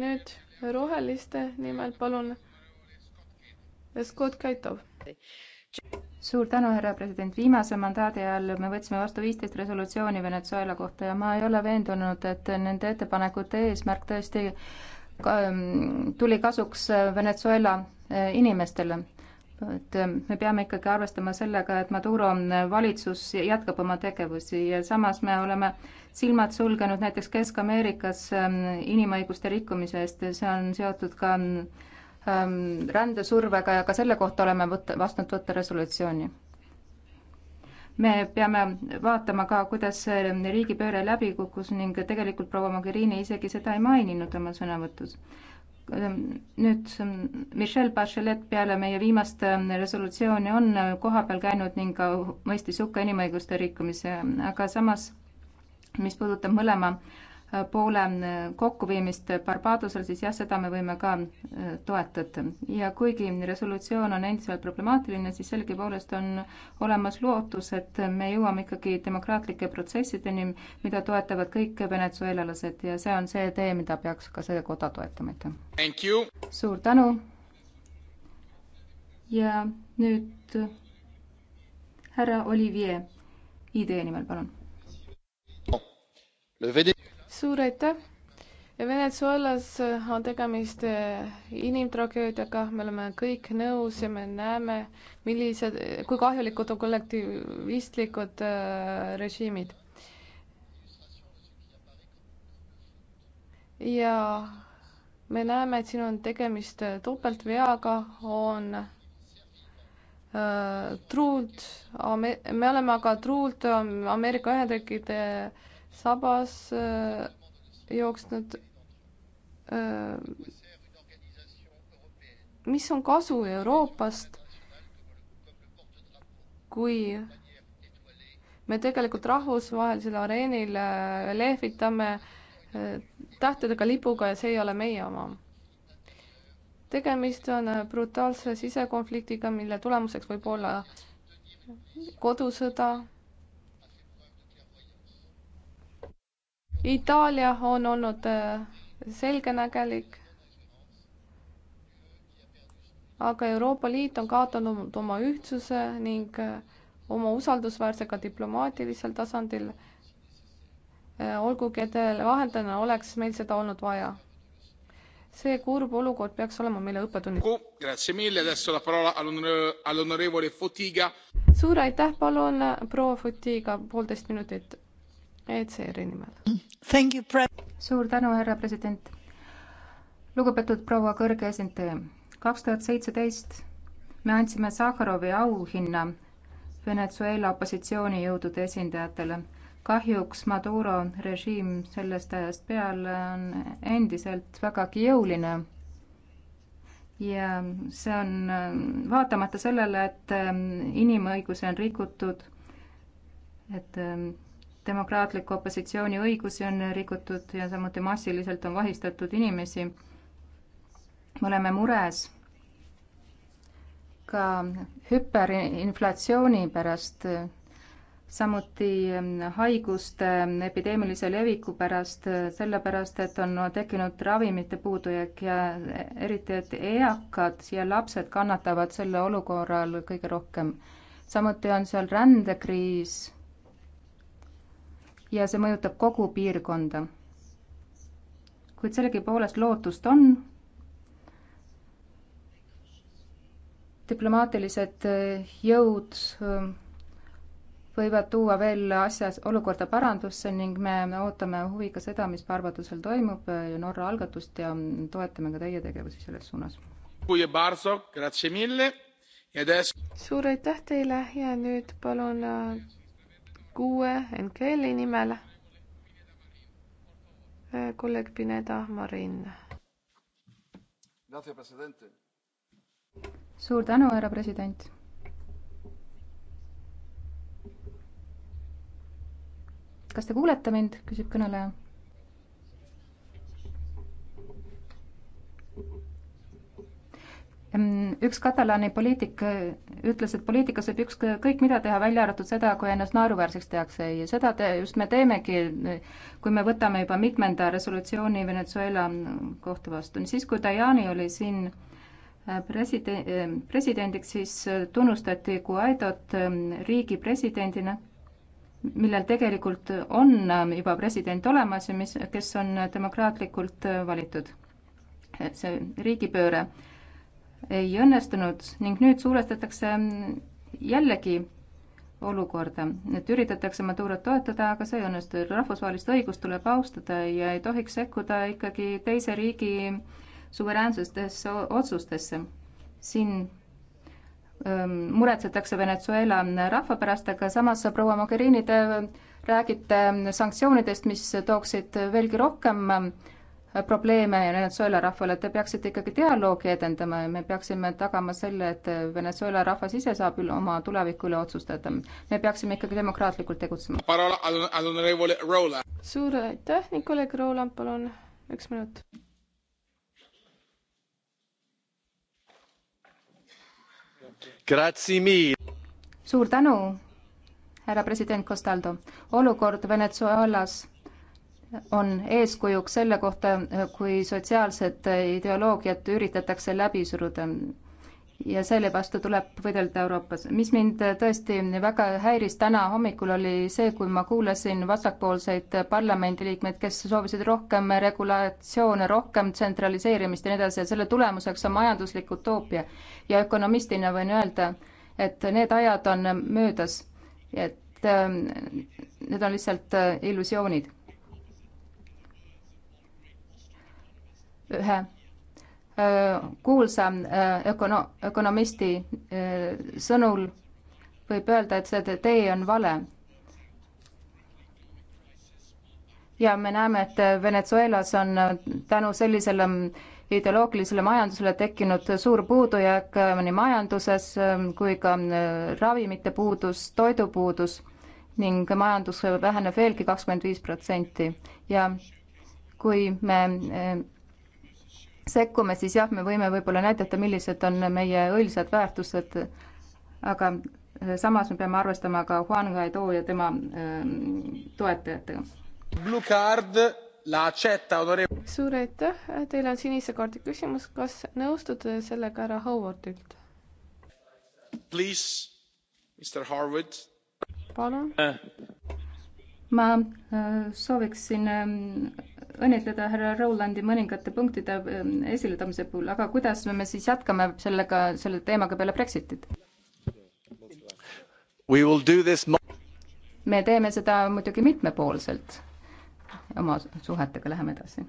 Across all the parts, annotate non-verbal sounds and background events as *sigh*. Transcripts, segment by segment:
nüüd roheliste nimel palun Scott Kaitov. suur tänu, härra president, viimase mandaadi ajal me võtsime vastu viisteist resolutsiooni Venezuela kohta ja ma ei ole veendunud, et nende ettepanekute eesmärk tõesti mm, tuli kasuks Venezuela eh, inimestele et ähm, me peame ikkagi arvestama sellega, et Maduro ähm, valitsus jätkab oma tegevusi ja samas me oleme silmad sulgenud näiteks Kesk-Ameerikas ähm, inimõiguste rikkumise eest, see on seotud ka rändesurvega ja ka selle kohta oleme võtta, vastu võtta resolutsiooni. me peame vaatama ka, kuidas riigipööre läbi kukkus ning tegelikult proua Mogherini isegi seda ei maininud oma sõnavõtus Ehm, nüüd ehm, Michel Bachelet peale meie viimast ehm, resolutsiooni on kohapeal käinud ning ka mõistis hukka inimõiguste rikkumise, aga samas, mis puudutab mõlema poole kokkuviimist Barbadosel, siis jah, seda me võime ka äh, toetada. ja kuigi resolutsioon on endiselt problemaatiline, siis sellegipoolest on olemas lootus, et me jõuame ikkagi demokraatlike protsessideni, mida toetavad kõik venezuelalased ja see on see tee, mida peaks ka see koda toetama, aitäh. suur tänu. ja nüüd härra Olivier, idee nimel, palun suur aitäh! Venezuelas on tegemist eh, inimtragöödiaga, me oleme kõik nõus ja me näeme, millised, kui kahjulikud on kollektiivistlikud eh, režiimid. ja me näeme, et siin on tegemist eh, topeltveaga, on truult, me oleme aga truult Ameerika Ühendriikide sabas äh, jooksnud. Äh, mis on kasu Euroopast, kui me tegelikult rahvusvahelisel areenil äh, lehvitame tähtedega lipuga ja see ei ole meie oma. tegemist on brutaalse sisekonfliktiga, mille tulemuseks võib olla kodusõda Itaalia on olnud äh, selgenägelik, aga Euroopa Liit on kaotanud oma ühtsuse ning äh, oma usaldusväärse ka diplomaatilisel tasandil, äh, olgugi et vahendajana oleks meil seda olnud vaja. see kurb olukord peaks olema meile õppetunniks. suur aitäh, palun proua Fotiga poolteist minutit ECR-i nimel. suur tänu, härra president. lugupeetud proua kõrge esindaja, kaks tuhat seitseteist me andsime Sahharovi auhinna Venezuela opositsioonijõudude esindajatele. kahjuks Maduro režiim sellest ajast peale on endiselt vägagi jõuline. ja see on äh, vaatamata sellele, et äh, inimõigusi on rikutud, et äh, demokraatliku opositsiooni õigusi on rikutud ja samuti massiliselt on vahistatud inimesi. me oleme mures ka hüperinflatsiooni pärast, samuti haiguste epideemilise leviku pärast, sellepärast et on tekkinud ravimite puudujääk ja eriti, et eakad ja lapsed kannatavad selle olukorral kõige rohkem. samuti on seal rändekriis ja see mõjutab kogu piirkonda. kuid sellegipoolest lootust on. diplomaatilised jõud ähm, võivad tuua veel asjas, olukorda parandusse ning me ootame huviga seda, mis Barbatusel toimub äh, ja Norra algatust ja toetame ka teie tegevusi selles suunas. suur aitäh teile ja nüüd palun äh, kuue NKL-i nimel. Äh, kolleeg Pineda Marin. suur tänu, härra president. kas te kuulete mind, küsib kõneleja üks Katalaani poliitik äh, ütles, et poliitikas võib ükskõik mida teha, välja arvatud seda, kui ennast naeruväärseks tehakse ja seda te, just me teemegi, kui me võtame juba mitmenda resolutsiooni Venezuela mm, kohta vastu. siis, kui Tajani oli siin äh, president, äh, presidendiks, siis tunnustati Guaidot ähm, riigi presidendina, millel tegelikult on ähm, juba president olemas ja mis, kes on demokraatlikult valitud. see riigipööre ei õnnestunud ning nüüd suurestatakse jällegi olukorda, et üritatakse Madurot toetada, aga see ei õnnestu. rahvusvahelist õigust tuleb austada ja ei tohiks sekkuda ikkagi teise riigi suveräänsustesse, otsustesse. siin ähm, muretsetakse Venezuela rahva pärast, aga samas proua Mogherini, te räägite sanktsioonidest, mis tooksid veelgi rohkem probleeme Venezuela rahvale, te peaksite ikkagi dialoogi edendama ja me peaksime tagama selle, et Venezuela rahvas ise saab üle oma tuleviku üle otsustada. me peaksime ikkagi demokraatlikult tegutsema. suur aitäh, Nikolai Roland, palun üks minut. suur tänu, härra president Costaldo. olukord Venezuelas on eeskujuks selle kohta, kui sotsiaalset ideoloogiat üritatakse läbi suruda. ja selle vastu tuleb võidelda Euroopas. mis mind tõesti väga häiris täna hommikul, oli see, kui ma kuulasin vastakpoolseid parlamendiliikmeid, kes soovisid rohkem regulatsioone, rohkem tsentraliseerimist ja nii edasi ja selle tulemuseks on majanduslik utoopia. ja ökonomistina võin öelda, et need ajad on möödas, et ähm, need on lihtsalt äh, illusioonid ühe kuulsa ökono-, ökonomisti sõnul võib öelda, et see tee on vale. ja me näeme, et Venezuelas on tänu sellisele ideoloogilisele majandusele tekkinud suur puudujääk nii majanduses kui ka ravimite puudus, toidupuudus ning majandus väheneb veelgi kakskümmend viis protsenti ja kui me sekkume, siis jah, me võime võib-olla näidata, millised on meie õilsad väärtused, aga eh, samas me peame arvestama ka Juan Guaido ja tema ehm, toetajatega. suur aitäh, teil on sinise kaardi küsimus, kas nõustute sellega härra Howardilt? palun. Eh, ma äh, sooviksin ähm, õnnitleda härra Rolandi mõningate punktide ähm, esiletamise puhul, aga kuidas me siis jätkame sellega, selle teemaga peale Brexitit? me teeme seda muidugi mitmepoolselt, oma suhetega läheme edasi.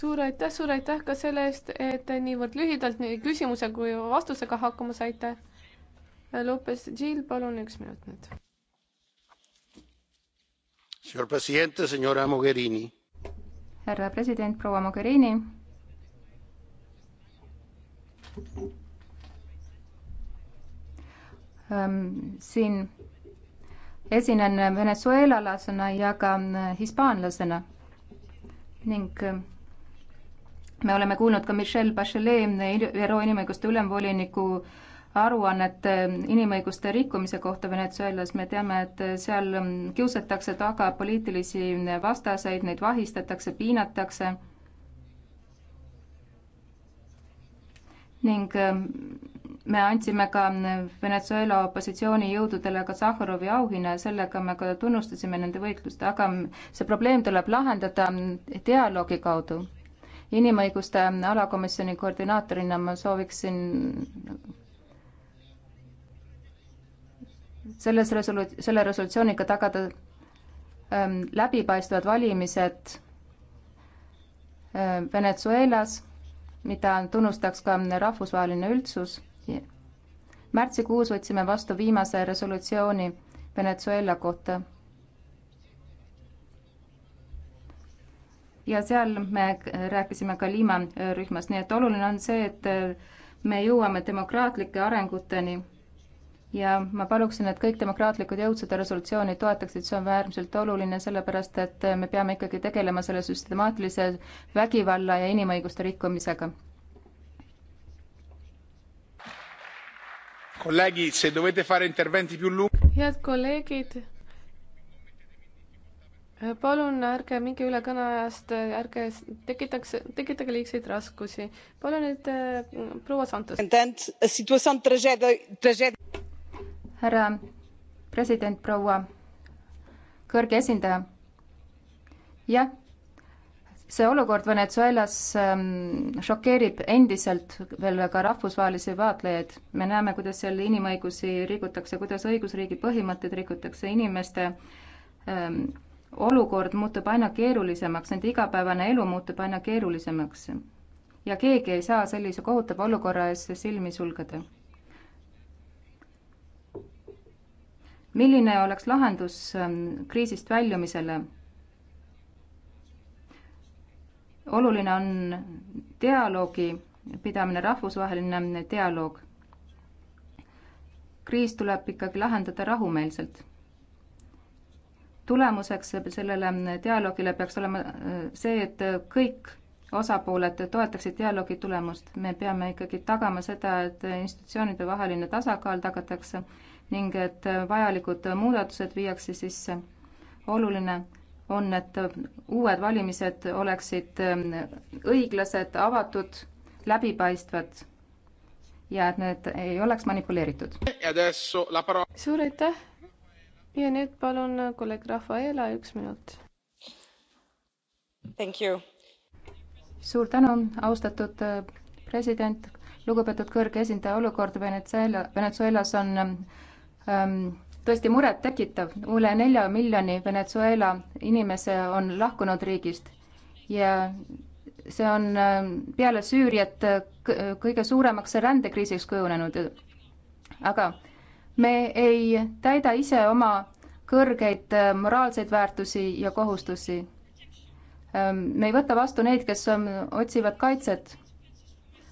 suur aitäh, suur aitäh ka selle eest, et niivõrd lühidalt nii küsimuse kui vastusega hakkama saite. Lopez Gil, palun üks minut nüüd härra president, proua Mogherini. Ähm, siin esinen venezuelalasena ja ka äh, hispaanlasena ning ähm, me oleme kuulnud ka Michelle Bachelet, äh, ÜRO inimõiguste ülemvoliniku aruannet äh, inimõiguste rikkumise kohta Venezuelas, me teame, et äh, seal ähm, kiusatakse taga poliitilisi äh, vastaseid, neid vahistatakse, piinatakse ning ähm, me andsime ka Venezuela opositsioonijõududele ka Sahharovi auhinna ja sellega me ka tunnustasime nende võitlust, aga ähm, see probleem tuleb lahendada dialoogi kaudu. inimõiguste alakomisjoni koordinaatorina ma sooviksin selles resolu-, selle resolutsiooniga tagada ähm, läbipaistvad valimised ähm, Venezuelas, mida tunnustaks ka rahvusvaheline üldsus. märtsikuus võtsime vastu viimase resolutsiooni Venezuela kohta. ja seal me rääkisime ka Lima rühmast, nii et oluline on see, et me jõuame demokraatlike arenguteni ja ma paluksin, et kõik demokraatlikud jõud seda resolutsiooni toetaksid, see on äärmiselt oluline, sellepärast et me peame ikkagi tegelema selle süstemaatilise vägivalla ja inimõiguste rikkumisega. head kolleegid, palun ärge minge üle kõneajast, ärge tekitaks, tekitage liigseid raskusi. palun nüüd proua Santos härra president, proua kõrge esindaja. jah, see olukord Venezuelas ähm, šokeerib endiselt veel ka rahvusvahelisi vaatlejaid. me näeme, kuidas seal inimõigusi rikutakse, kuidas õigusriigi põhimõtteid rikutakse, inimeste ähm, olukord muutub aina keerulisemaks, nende igapäevane elu muutub aina keerulisemaks. ja keegi ei saa sellise kohutava olukorra ees silmi sulgeda milline oleks lahendus ähm, kriisist väljumisele? oluline on dialoogi pidamine, rahvusvaheline dialoog. kriis tuleb ikkagi lahendada rahumeelselt. tulemuseks sellele dialoogile peaks olema äh, see, et kõik osapooled toetaksid dialoogi tulemust. me peame ikkagi tagama seda, et institutsioonide vaheline tasakaal tagatakse ning et vajalikud muudatused viiakse sisse. oluline on, et uued valimised oleksid ähm, õiglased, avatud, läbipaistvad ja et need ei oleks manipuleeritud. suur aitäh ja nüüd palun kolleeg Rafaela, üks minut. suur tänu, austatud äh, president, lugupeetud kõrge esindaja, olukord Venezuela, Venezuelas on Ehm, tõesti murettekitav, üle nelja miljoni Venezuela inimese on lahkunud riigist ja see on ehm, peale Süüriat eh, kõige suuremaks rändekriisiks kujunenud. aga me ei täida ise oma kõrgeid eh, moraalseid väärtusi ja kohustusi. Ehm, me ei võta vastu neid, kes otsivad kaitset.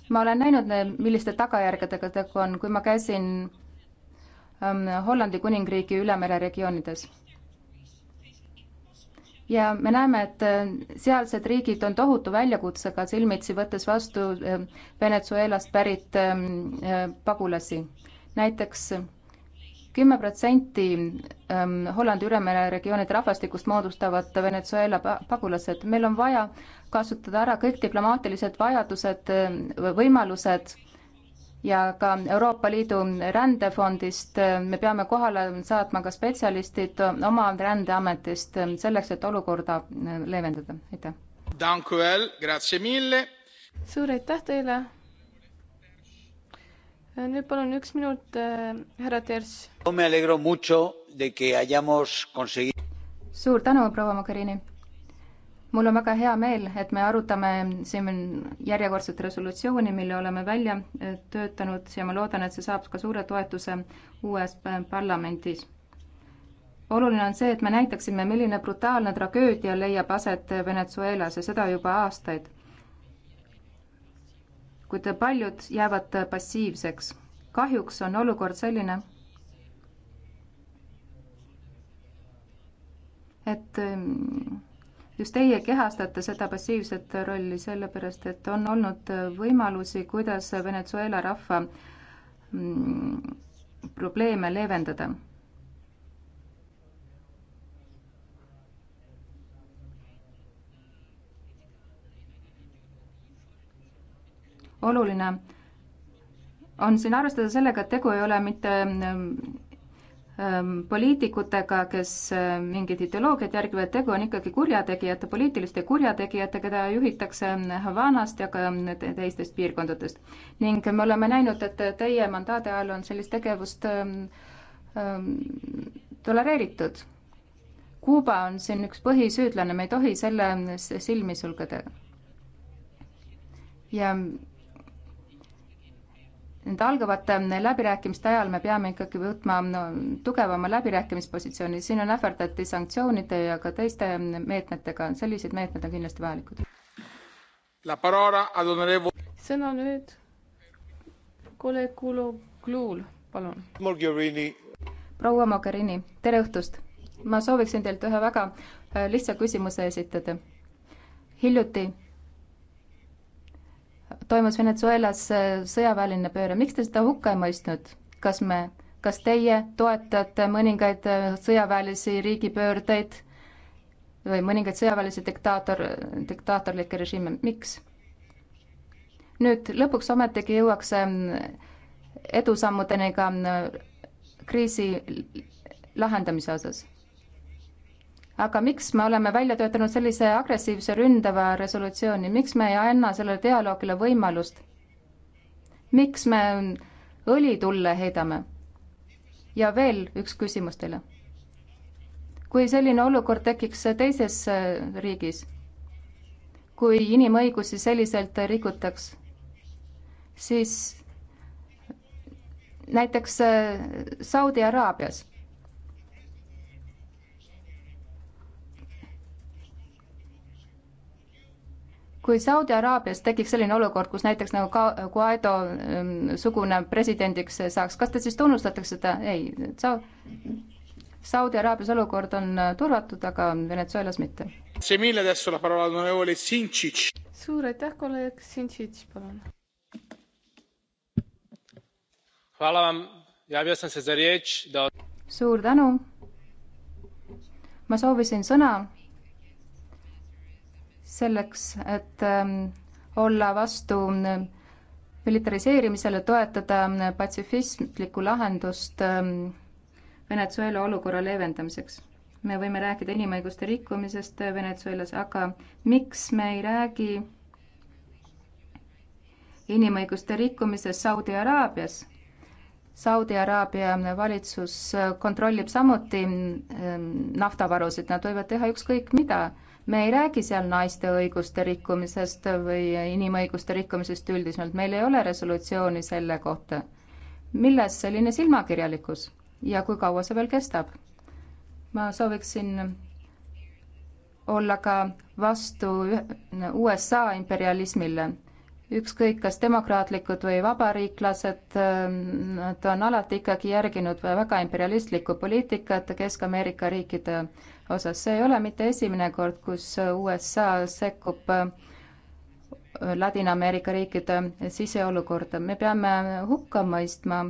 ma olen näinud, milliste tagajärgedega tegu on, kui ma käisin Ähm, Hollandi kuningriigi ülemereregioonides. ja me näeme, et äh, sealsed riigid on tohutu väljakutsega silmitsi, võttes vastu ähm, Venezuelast pärit ähm, äh, pagulasi. näiteks äh, kümme protsenti Hollandi ülemere regioonide rahvastikust moodustavad Venezuela pagulased. meil on vaja kasutada ära kõik diplomaatilised vajadused, võimalused ja ka Euroopa Liidu rändefondist me peame kohale saatma ka spetsialistid oma rändeametist selleks, et olukorda leevendada, aitäh. suur aitäh teile. nüüd palun üks minut, äh, härra Ters. suur tänu, proua Mogherini mul on väga hea meel, et me arutame siin järjekordset resolutsiooni, mille oleme välja äh, töötanud ja ma loodan, et see saab ka suure toetuse uues äh, parlamendis. oluline on see, et me näitaksime, milline brutaalne tragöödia leiab aset äh, Venezuelas ja seda juba aastaid. kuid paljud jäävad passiivseks. kahjuks on olukord selline, et just teie kehastate seda passiivset rolli, sellepärast et on olnud võimalusi, kuidas Venezuela rahva mm, probleeme leevendada. oluline on siin arvestada sellega, et tegu ei ole mitte mm, Ähm, poliitikutega, kes ähm, mingit ideoloogiat järgivad, tegu on ikkagi kurjategijate, poliitiliste kurjategijate, keda juhitakse ähm, Havanast ja ka teistest piirkondadest. ning me oleme näinud, et teie mandaadi ajal on sellist tegevust ähm, tolereeritud. Kuuba on siin üks põhisüüdlane, me ei tohi selle silmi sulgeda. ja nende algavate ähm, läbirääkimiste ajal me peame ikkagi võtma no, tugevama läbirääkimispositsiooni, siin on ähvardati sanktsioonide ja ka teiste ähm, meetmetega, sellised meetmed on kindlasti vajalikud. sõna nüüd kolleeg Kulu Kluul, palun. proua Mogherini, tere õhtust! ma sooviksin teilt ühe väga äh, lihtsa küsimuse esitada. hiljuti toimus Venezuelas äh, sõjaväeline pööre, miks te seda hukka ei mõistnud? kas me, kas teie toetate mõningaid äh, sõjaväelisi riigipöördeid või mõningaid sõjaväelisi diktaator, diktaatorlikke režiime, miks? nüüd lõpuks ometigi jõuaks mm, edusammudeni ka mm, kriisi lahendamise osas aga miks me oleme välja töötanud sellise agressiivse ründava resolutsiooni, miks me ei anna sellele dialoogile võimalust? miks me õli tulle heidame? ja veel üks küsimus teile. kui selline olukord tekiks teises äh, riigis, kui inimõigusi selliselt rikutaks, siis näiteks äh, Saudi Araabias kui Saudi Araabias tekiks selline olukord, kus näiteks nagu ka-, Guaido ähm, sugune presidendiks saaks, kas te siis tunnustatakse seda? ei, Sa-, Saudi Araabias olukord on äh, turvatud, aga Venezuelas mitte. suur aitäh, kolleeg Sinčić, palun. suur tänu. ma soovisin sõna selleks, et ähm, olla vastu ähm, militariseerimisele, toetada ähm, patsifistlikku lahendust Venezuela olukorra leevendamiseks. me võime rääkida inimõiguste rikkumisest äh, Venezuelas, aga miks me ei räägi inimõiguste rikkumisest Saudi Araabias? Saudi Araabia valitsus äh, kontrollib samuti naftavarusid, nad võivad teha ükskõik mida me ei räägi seal naiste õiguste rikkumisest või inimõiguste rikkumisest üldisemalt, meil ei ole resolutsiooni selle kohta. milles selline silmakirjalikkus ja kui kaua see veel kestab? ma sooviksin olla ka vastu USA imperialismile ükskõik, kas demokraatlikud või vabariiklased, nad on alati ikkagi järginud väga imperialistlikku poliitikat Kesk-Ameerika riikide osas. see ei ole mitte esimene kord, kus USA sekkub äh, Ladina-Ameerika riikide siseolukorda. me peame hukka mõistma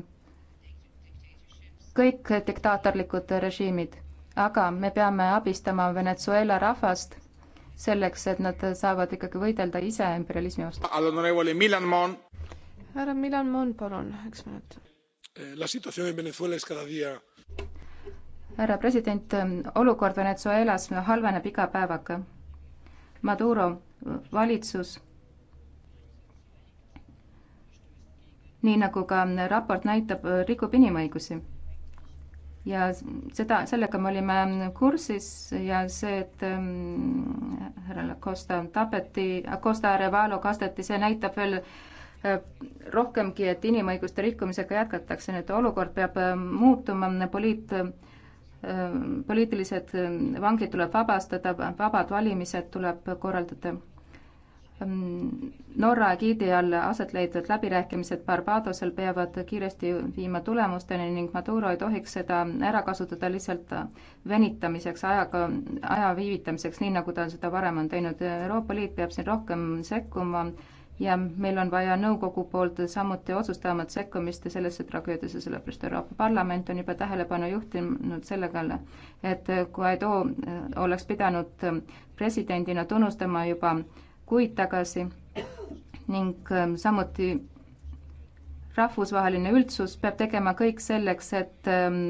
kõik diktaatorlikud režiimid, aga me peame abistama Venezuela rahvast selleks, et nad saavad ikkagi võidelda ise imperialismi vastu. härra Milan Mon, palun, üks minut. Eh, härra president, olukord Venezuelas halveneb iga päevaga. Maduro valitsus, nii nagu ka raport näitab, rikub inimõigusi. ja seda, sellega me olime kursis ja see, et mm, härra Acosta tapeti, Acosta Arevalo kasteti, see näitab veel äh, rohkemgi, et inimõiguste rikkumisega jätkatakse, nii et olukord peab äh, muutuma, poliit- poliitilised ähm, vangid tuleb vabastada, vabad valimised tuleb korraldada. Ähm, Norra egiidi all aset leidnud läbirääkimised Barbadosel peavad kiiresti viima tulemusteni ning Maduro ei tohiks seda ära kasutada lihtsalt venitamiseks, ajaga, aja viivitamiseks, nii nagu ta seda varem on teinud. Euroopa Liit peab siin rohkem sekkuma ja meil on vaja nõukogu poolt samuti otsustavamat sekkumist sellesse tragöödiasse, sellepärast Euroopa Parlament on juba tähelepanu juhtinud selle kallal, et Guaido äh, oleks pidanud äh, presidendina tunnustama juba kuid tagasi ning äh, samuti rahvusvaheline üldsus peab tegema kõik selleks, et ähm,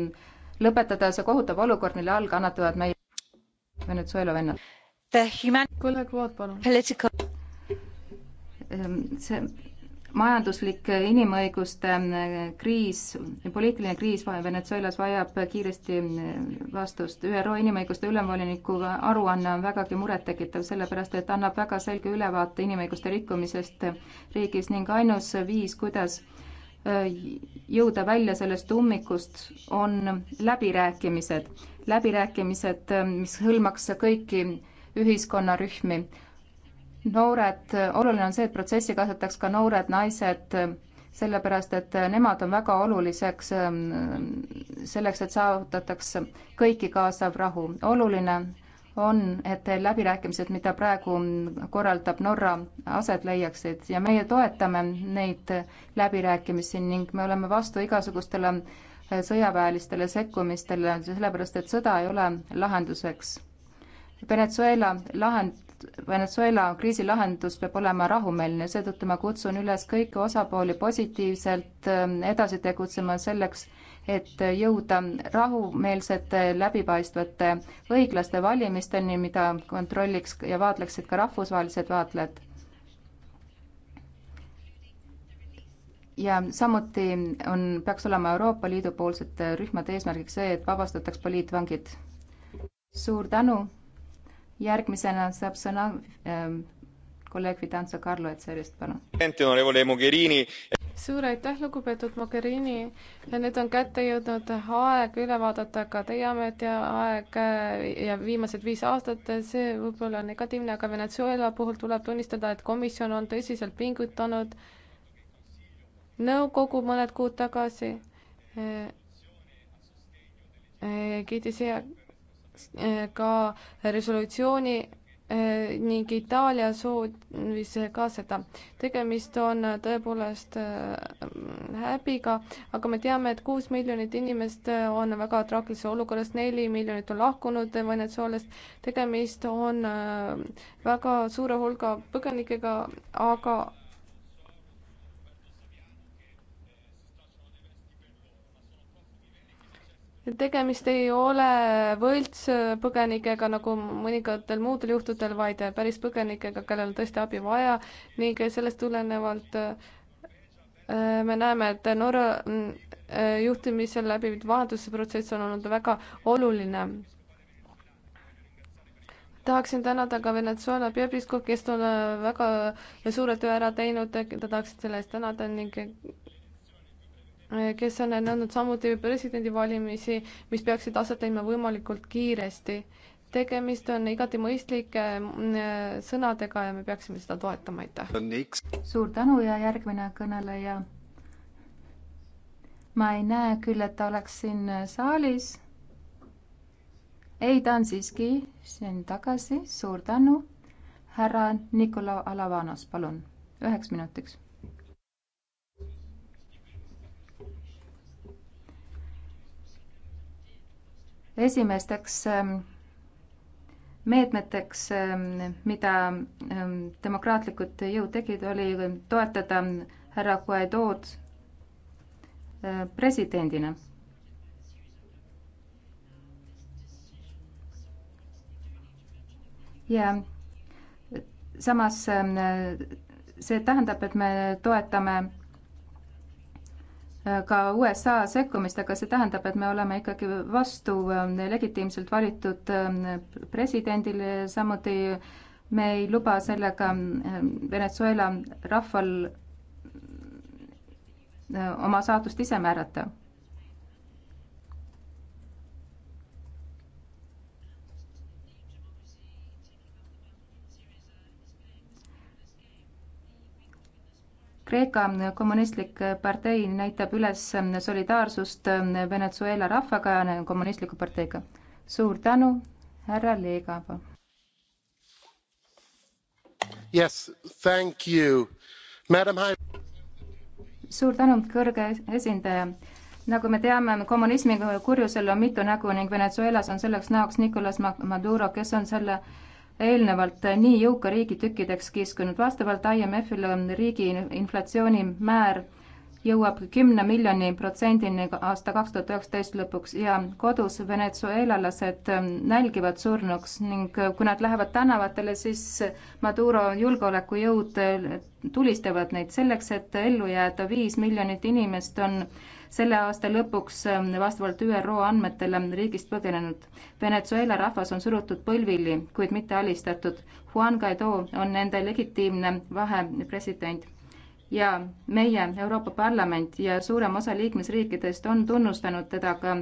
lõpetada see kohutav olukord, mille all kannatavad meie Venezuela vennad. kolleeg Vood, palun Ehm, see majanduslik äh, inimõiguste äh, kriis, poliitiline kriis Venezuelas vajab kiiresti äh, vastust. ÜRO inimõiguste ülemvoliniku aruanne on vägagi murettekitav, sellepärast et annab väga selge ülevaate inimõiguste rikkumisest riigis ning ainus viis, kuidas jõuda välja sellest ummikust, on läbirääkimised. läbirääkimised, mis hõlmaks kõiki ühiskonnarühmi noored, oluline on see, et protsessi kaasataks ka noored naised, sellepärast et nemad on väga oluliseks selleks, et saavutataks kõiki kaasav rahu. oluline on, et läbirääkimised, mida praegu korraldab Norra, aset leiaksid ja meie toetame neid läbirääkimisi ning me oleme vastu igasugustele sõjaväelistele sekkumistele, sellepärast et sõda ei ole lahenduseks. Venezuela lahend, Venezuela kriisi lahendus peab olema rahumeelne, seetõttu ma kutsun üles kõiki osapooli positiivselt ähm, edasi tegutsema selleks, et jõuda rahumeelsete, läbipaistvate, õiglaste valimisteni, mida kontrolliks ja vaatleksid ka rahvusvahelised vaatlejad. ja samuti on, peaks olema Euroopa Liidu poolsete rühmade eesmärgiks see, et vabastataks poliitvangid. suur tänu järgmisena saab sõna ähm, kolleeg Vitanza Carlo Etserist, palun. suur aitäh, lugupeetud Mogherini. nüüd on kätte jõudnud aeg üle vaadata ka teie ametiaeg äh, ja viimased viis aastat, see võib-olla on negatiivne, aga Venezuela puhul tuleb tunnistada, et komisjon on tõsiselt pingutanud. nõukogu mõned kuud tagasi äh, äh, kiitis heaks ka resolutsiooni eh, ning Itaalia soovis ka seda. tegemist on tõepoolest eh, häbiga, aga me teame, et kuus miljonit inimest on väga traagilises olukorras, neli miljonit on lahkunud Venezuelast. tegemist on eh, väga suure hulga põgenikega, aga tegemist ei ole võltspõgenikega, nagu mõningatel muudel juhtudel, vaid päris põgenikega, kellel on tõesti abi vaja ning sellest tulenevalt äh, me näeme, et Norra äh, juhtimisel läbi viidud vahendusprotsess on olnud väga oluline. tahaksin tänada ka Venezuela peapiiskop, kes on äh, väga suure töö ära teinud, teda tahaksin selle eest tänada ning Äh, kes on nõudnud samuti presidendivalimisi, mis peaksid aset leidma võimalikult kiiresti. tegemist on igati mõistlike äh, sõnadega ja me peaksime seda toetama, aitäh. suur tänu ja järgmine kõneleja. ma ei näe küll, et ta oleks siin saalis. ei, ta on siiski siin tagasi, suur tänu. härra Nikola Alavanos, palun, üheks minutiks esimesteks ähm, meetmeteks, ähm, mida ähm, demokraatlikud jõud tegid, oli toetada härra Guaidood äh, presidendina. ja samas see tähendab, et me toetame ka USA sekkumist, aga see tähendab, et me oleme ikkagi vastu ähm, legitiimselt valitud ähm, presidendile, samuti me ei luba sellega ähm, Venezuela rahval äh, oma saatust ise määrata Kreeka kommunistlik partei näitab üles solidaarsust Venezuela rahvaga ja kommunistliku parteiga. suur tänu, härra Leegaba. Yes, thank you. Madam High... suur tänu, kõrge esindaja nagu me teame, kommunismi kurjusel on mitu nägu ning Venezuelas on selleks näoks Nicolas Maduro, kes on selle eelnevalt nii jõuka riigi tükkideks kiskunud. vastavalt IMF-ile on riigi inflatsioonimäär jõuab kümne miljoni protsendini aasta kaks tuhat üheksateist lõpuks ja kodus venezuelalased ähm, nälgivad surnuks ning äh, kui nad lähevad tänavatele, siis Maduro julgeolekujõud äh, tulistavad neid selleks, et ellu jääda. viis miljonit inimest on selle aasta lõpuks ähm, vastavalt ÜRO andmetele riigist põgenenud. Venezuela rahvas on surutud põlvili, kuid mitte alistatud. Juan Guaido on nende legitiimne vahepresident ja meie Euroopa Parlament ja suurem osa liikmesriikidest on tunnustanud teda ka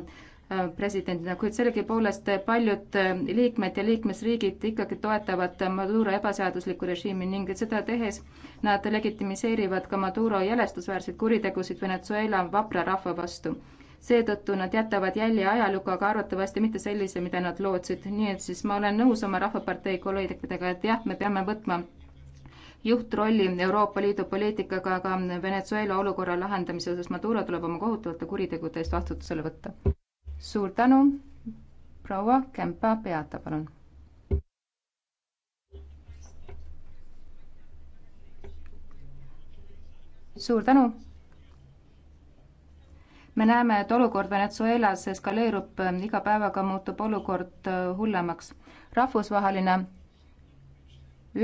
Äh, presidendina, kuid sellegipoolest paljud äh, liikmed ja liikmesriigid ikkagi toetavad Maduro ebaseaduslikku režiimi ning seda tehes nad legitimiseerivad ka Maduro jälestusväärseid kuritegusid Venezuela vapra rahva vastu. seetõttu nad jätavad jälje ajalugu, aga arvatavasti mitte sellise, mida nad lootsid, nii et siis ma olen nõus oma Rahvapartei kolleegidega, et jah, me peame võtma juhtrolli Euroopa Liidu poliitikaga ka Venezuela olukorra lahendamise osas. Maduro tuleb oma kohutavate kuritegude eest vastutusele võtta suur tänu, proua Kempa Peata, palun. suur tänu. me näeme, et olukord Venezuelas eskaleerub, iga päevaga muutub olukord äh, hullemaks. rahvusvaheline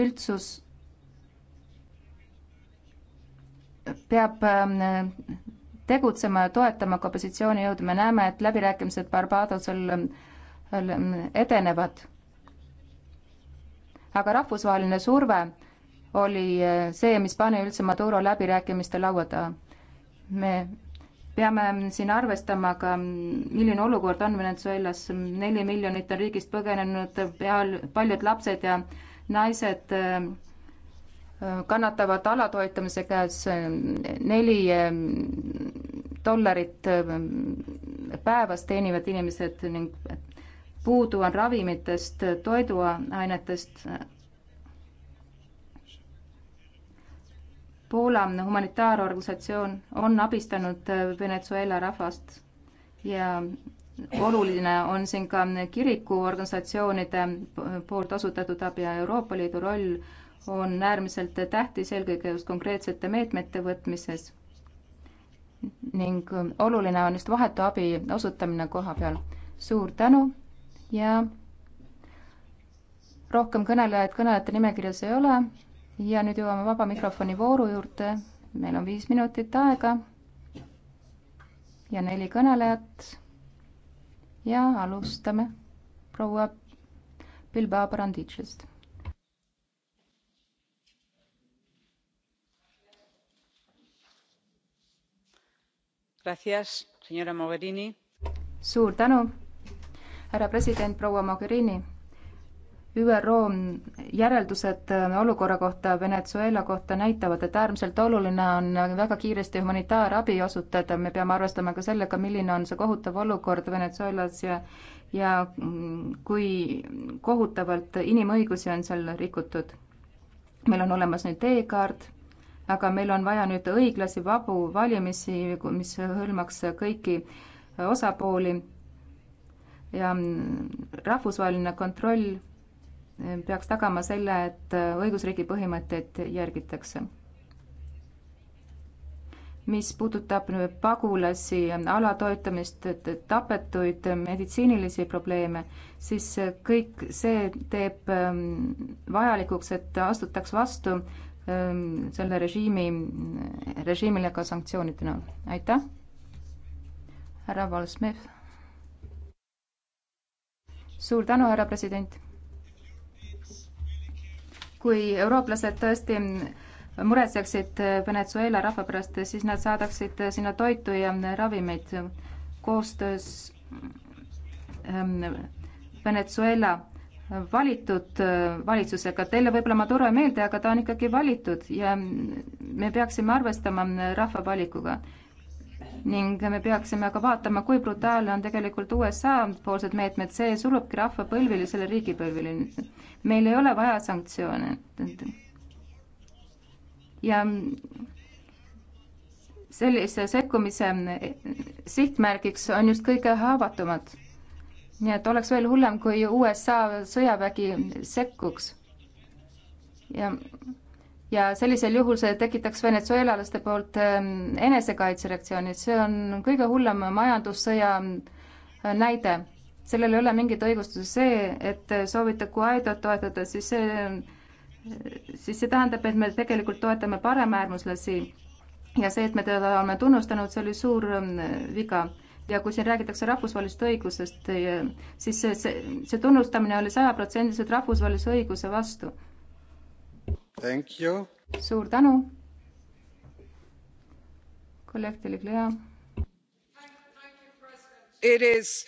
üldsus peab äh, tegutsema ja toetama ka opositsioonijõudu, me näeme, et läbirääkimised Barbadosel ähm, ähm, edenevad. aga rahvusvaheline surve oli äh, see, mis pani üldse Maduro läbirääkimiste laua taha. me peame ähm, siin arvestama ka, milline olukord on Venezuelas, neli miljonit on riigist põgenenud, peal, paljud lapsed ja naised äh, kannatavad alatoitamise käes ehm, neli ehm, dollarit ehm, päevas teenivad inimesed ning puudu on ravimitest, toiduainetest. Poola humanitaarorganisatsioon on abistanud Venezuela rahvast ja oluline on siin ka kirikuorganisatsioonide poolt osutatud abi ja Euroopa Liidu roll on äärmiselt tähtis eelkõige just konkreetsete meetmete võtmises ning oluline on just vahetu abi osutamine koha peal. suur tänu ja rohkem kõnelejaid kõnelejate nimekirjas ei ole ja nüüd jõuame vaba mikrofoni vooru juurde. meil on viis minutit aega ja neli kõnelejat. ja alustame proua Bilbao Brandicist suur tänu, härra president, proua Mogherini. ÜRO järeldused olukorra kohta Venezuela kohta näitavad, et äärmiselt oluline on väga kiiresti humanitaarabi osutada, me peame arvestama ka sellega, milline on see kohutav olukord Venezuelas ja ja kui kohutavalt inimõigusi on seal rikutud. meil on olemas nüüd teekaart aga meil on vaja nüüd õiglasi vabu valimisi, mis hõlmaks kõiki osapooli ja mm, rahvusvaheline kontroll eh, peaks tagama selle, et õigusriigi põhimõtteid järgitakse. mis puudutab nüüd pagulasi, alatoitamist, tapetuid, meditsiinilisi probleeme, siis kõik see teeb mm, vajalikuks, et astutaks vastu Ehm, selle režiimi, režiimile ka sanktsioonide näol. aitäh, härra Valsmev. suur tänu, härra president. kui eurooplased tõesti muretseksid Venezuela rahva pärast, siis nad saadaksid sinna toitu ja ravimeid koostöös ehm, Venezuela valitud äh, valitsusega, teile võib-olla ma tore meelde, aga ta on ikkagi valitud ja me peaksime arvestama äh, rahva valikuga. ning me peaksime ka vaatama, kui brutaalne on tegelikult USA poolsed meetmed, see surubki rahva põlvili selle riigi põlvili. meil ei ole vaja sanktsioone. ja sellise sekkumise sihtmärgiks on just kõige haavatumad nii et oleks veel hullem, kui USA sõjavägi sekkuks. ja, ja sellisel juhul see tekitaks venezuelalaste poolt ähm, enesekaitsereaktsiooni, see on kõige hullem majandussõja äh, näide. sellel ei ole mingit õigustust, see, et soovite Guaidot toetada, siis see, äh, siis see tähendab, et me tegelikult toetame paremäärmuslasi ja see, et me teda oleme tunnustanud, see oli suur äh, viga ja kui siin räägitakse rahvusvahelisest õigusest, siis see, see, see tunnustamine oli sajaprotsendiliselt rahvusvahelise õiguse vastu. suur tänu. kolleeg Deliglea. Is...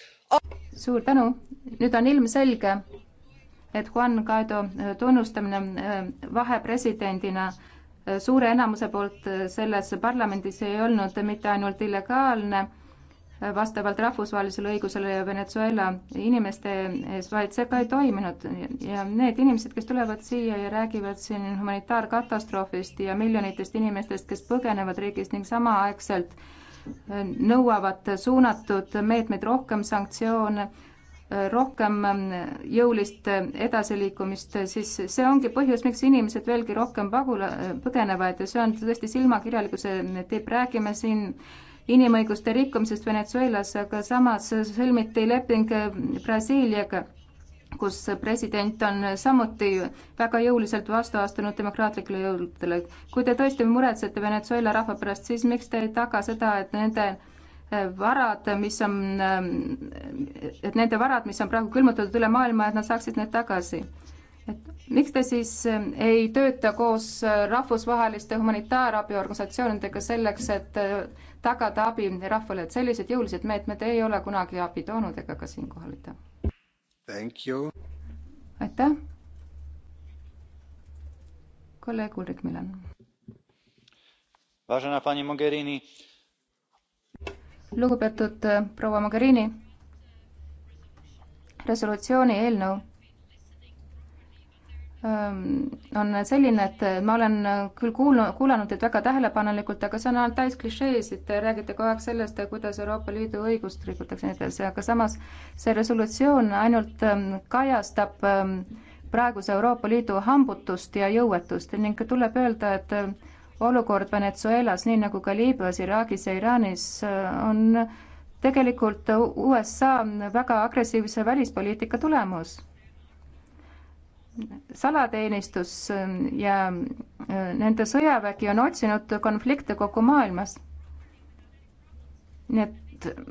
suur tänu, nüüd on ilmselge, et Juan Guaido äh, tunnustamine äh, vahepresidendina äh, suure enamuse poolt selles parlamendis ei olnud mitte ainult illegaalne vastavalt rahvusvahelisele õigusele ja Venezuela inimeste ees, vaid see ka ei toiminud ja need inimesed, kes tulevad siia ja räägivad siin humanitaarkatastroofist ja miljonitest inimestest, kes põgenevad riigist ning samaaegselt äh, nõuavad suunatud meetmeid, rohkem sanktsioone, äh, rohkem äh, jõulist edasiliikumist, siis see ongi põhjus, miks inimesed veelgi rohkem pagula, põgenevad ja see on tõesti silmakirjalikkuse tipp, räägime siin äh, inimõiguste rikkumisest Venezuelas, aga samas sõlmiti leping Brasiiliaga, kus president on samuti väga jõuliselt vastu astunud demokraatlikele jõududele. kui te tõesti muretsete Venezuela rahva pärast, siis miks te ei taga seda, et nende äh, varad, mis on, äh, et nende varad, mis on praegu külmutatud üle maailma, et nad saaksid need tagasi et miks te siis äh, ei tööta koos äh, rahvusvaheliste humanitaarabiorganisatsioonidega selleks, et äh, tagada abi rahvale, et sellised jõulised meetmed ei ole kunagi abi toonud ega ka siinkohal aitäh. aitäh. kolleeg Ulrik Milan. lugupeetud proua Mogherini, resolutsiooni eelnõu on selline, et ma olen küll kuulnud, kuulanud teid väga tähelepanelikult, aga see on ainult täis klišeesid, te räägite kogu aeg sellest, kuidas Euroopa Liidu õigust rikutakse ja nii edasi, aga samas see resolutsioon ainult kajastab praeguse Euroopa Liidu hambutust ja jõuetust ning tuleb öelda, et olukord Venezuelas, nii nagu ka Liibüas, Iraagis ja Iraanis on tegelikult USA väga agressiivse välispoliitika tulemus salateenistus ähm, ja äh, nende sõjavägi on otsinud konflikte kogu maailmas. nii et äh,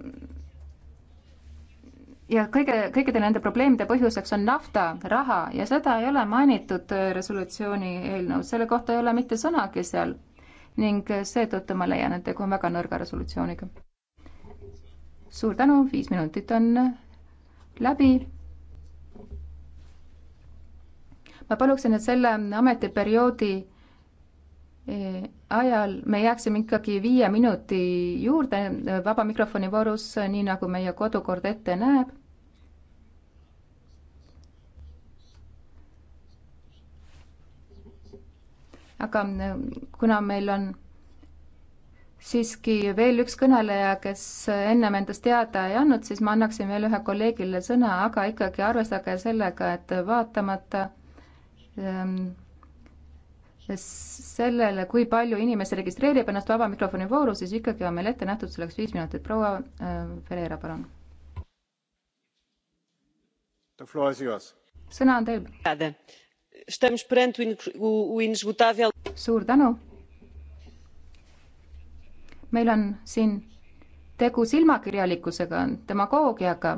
ja kõige, kõikide nende probleemide põhjuseks on nafta, raha ja seda ei ole mainitud äh, resolutsiooni eelnõus, selle kohta ei ole mitte sõnagi seal. ning seetõttu ma leian, et tegu on väga nõrga resolutsiooniga. suur tänu, viis minutit on läbi ma paluksin, et selle ametiperioodi eh, ajal me jääksime ikkagi viie minuti juurde eh, vaba mikrofoni voorus, eh, nii nagu meie kodukord ette näeb. aga kuna meil on siiski veel üks kõneleja, kes ennem endast teada ei andnud, siis ma annaksin veel ühe kolleegile sõna, aga ikkagi arvestage sellega, et vaatamata Ehm, sellele, kui palju inimesi registreerib ennast vaba mikrofoni vooru, siis ikkagi on meil ette nähtud selleks viis minutit. proua äh, Ferreira, palun. sõna on teil. suur tänu. meil on siin tegu silmakirjalikkusega, demagoogiaga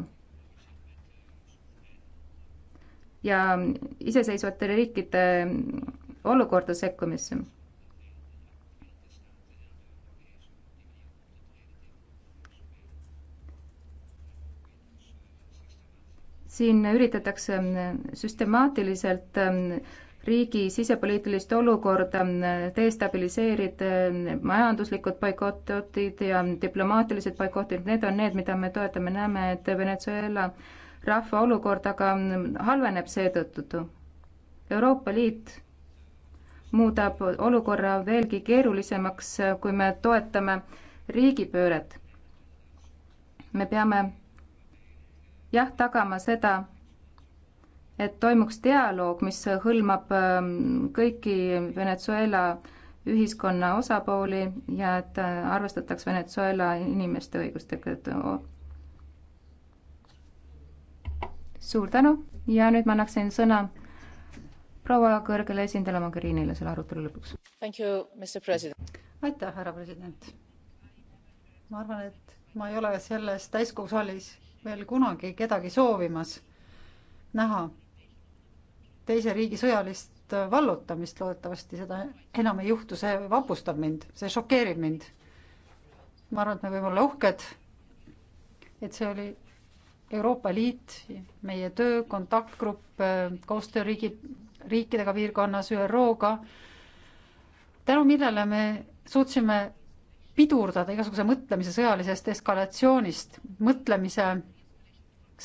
ja iseseisvate riikide olukorda sekkumisse. siin üritatakse süstemaatiliselt riigi sisepoliitilist olukorda destabiliseerida, majanduslikud boikotid ja diplomaatilised boikotid, need on need, mida me toetame, näeme, et Venezuela äh, rahva olukord aga halveneb seetõttu. Euroopa Liit muudab olukorra veelgi keerulisemaks, kui me toetame riigipööret. me peame jah, tagama seda, et toimuks dialoog, mis hõlmab ähm, kõiki Venezuela ühiskonna osapooli ja et äh, arvestataks Venezuela inimeste õigustega, et suur tänu ja nüüd ma annaksin sõna proua kõrgele esindajale Mogherinile selle arutelu lõpuks. aitäh, härra president. ma arvan, et ma ei ole selles täiskogu saalis veel kunagi kedagi soovimas näha teise riigi sõjalist vallutamist, loodetavasti seda enam ei juhtu, see vapustab mind, see šokeerib mind. ma arvan, et me võime olla uhked, et see oli Euroopa Liit, meie töö, kontaktgrupp, koostöö riigi, riikidega piirkonnas, ÜRO-ga, tänu millele me suutsime pidurdada igasuguse mõtlemise sõjalisest eskalatsioonist, mõtlemise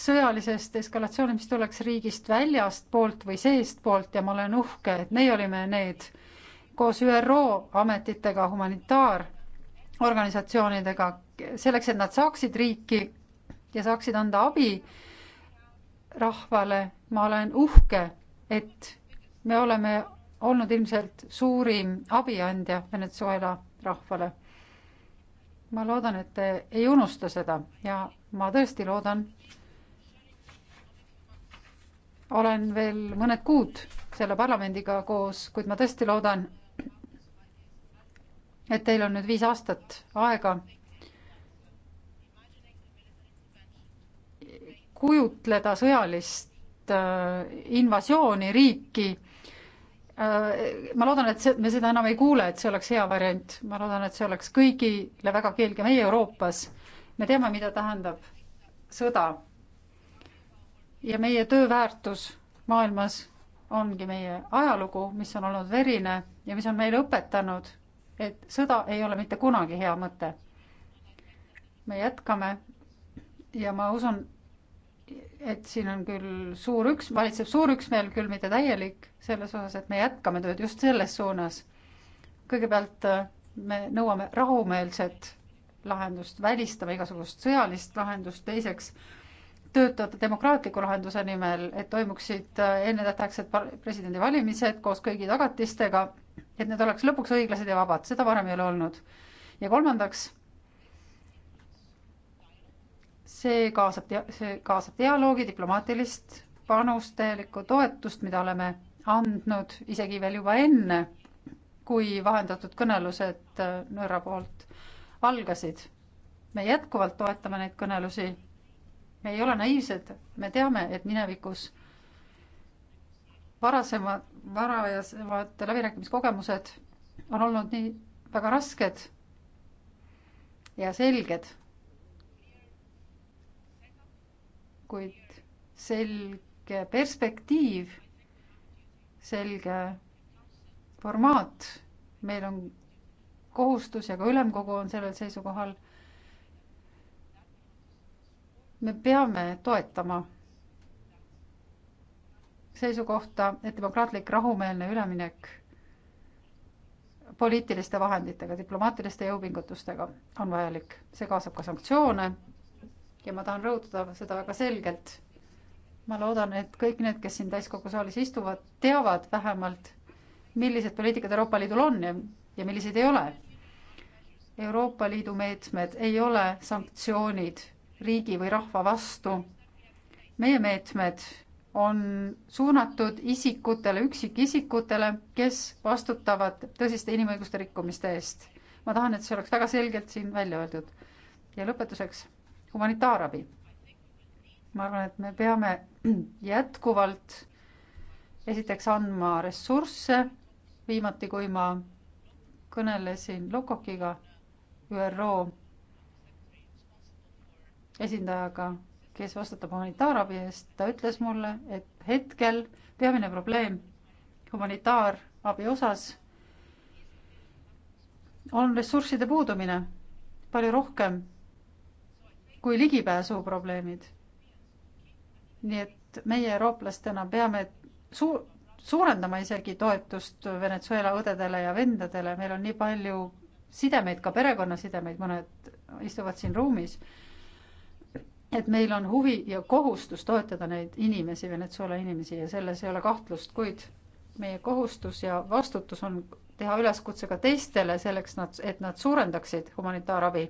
sõjalisest eskalatsioonist, mis tuleks riigist väljastpoolt või seestpoolt ja ma olen uhke, et meie olime need koos ÜRO ametitega, humanitaarorganisatsioonidega, selleks, et nad saaksid riiki ja saaksid anda abi rahvale. ma olen uhke, et me oleme olnud ilmselt suurim abiandja Venezuela rahvale. ma loodan, et te ei unusta seda ja ma tõesti loodan. olen veel mõned kuud selle parlamendiga koos, kuid ma tõesti loodan, et teil on nüüd viis aastat aega kujutleda sõjalist äh, invasiooni riiki. Äh, ma loodan, et see, me seda enam ei kuule, et see oleks hea variant, ma loodan, et see oleks kõigile väga keelge, meie Euroopas me teame, mida tähendab sõda. ja meie töö väärtus maailmas ongi meie ajalugu, mis on olnud verine ja mis on meile õpetanud, et sõda ei ole mitte kunagi hea mõte. me jätkame ja ma usun, et siin on küll suur üks, valitseb suur üksmeel, küll mitte täielik, selles osas, et me jätkame tööd just selles suunas. kõigepealt äh, me nõuame rahumeelset lahendust, välistame igasugust sõjalist lahendust, teiseks töötada demokraatliku lahenduse nimel, et toimuksid äh, ennetähtaegsed presidendivalimised koos kõigi tagatistega, et need oleks lõpuks õiglased ja vabad, seda varem ei ole olnud. ja kolmandaks see kaasab, see kaasab dialoogi, diplomaatilist panust, täielikku toetust, mida oleme andnud isegi veel juba enne, kui vahendatud kõnelused äh, Norra poolt algasid. me jätkuvalt toetame neid kõnelusi. me ei ole naiivsed, me teame, et minevikus varasemad, varasemad läbirääkimiskogemused on olnud nii väga rasked ja selged kuid selge perspektiiv, selge formaat, meil on kohustus ja ka ülemkogu on sellel seisukohal. me peame toetama seisukohta, et demokraatlik rahumeelne üleminek poliitiliste vahenditega, diplomaatiliste jõupingutustega on vajalik, see kaasab ka sanktsioone ja ma tahan rõhutada seda väga selgelt. ma loodan, et kõik need, kes siin täiskogu saalis istuvad, teavad vähemalt, millised poliitikad Euroopa Liidul on ja, ja millised ei ole. Euroopa Liidu meetmed ei ole sanktsioonid riigi või rahva vastu. meie meetmed on suunatud isikutele, üksikisikutele, kes vastutavad tõsiste inimõiguste rikkumiste eest. ma tahan, et see oleks väga selgelt siin välja öeldud. ja lõpetuseks humanitaarabi. ma arvan, et me peame *clears throat* jätkuvalt esiteks andma ressursse, viimati kui ma kõnelesin Lukokiga, ÜRO esindajaga, kes vastutab humanitaarabi eest, ta ütles mulle, et hetkel peamine probleem humanitaarabi osas on ressursside puudumine palju rohkem kui ligipääsuprobleemid. nii et meie eurooplastena peame suur, suurendama isegi toetust Venezuela õdedele ja vendadele, meil on nii palju sidemeid, ka perekonnasidemeid, mõned istuvad siin ruumis, et meil on huvi ja kohustus toetada neid inimesi, Venezuela inimesi ja selles ei ole kahtlust, kuid meie kohustus ja vastutus on teha üleskutse ka teistele selleks, nad, et nad suurendaksid humanitaarabi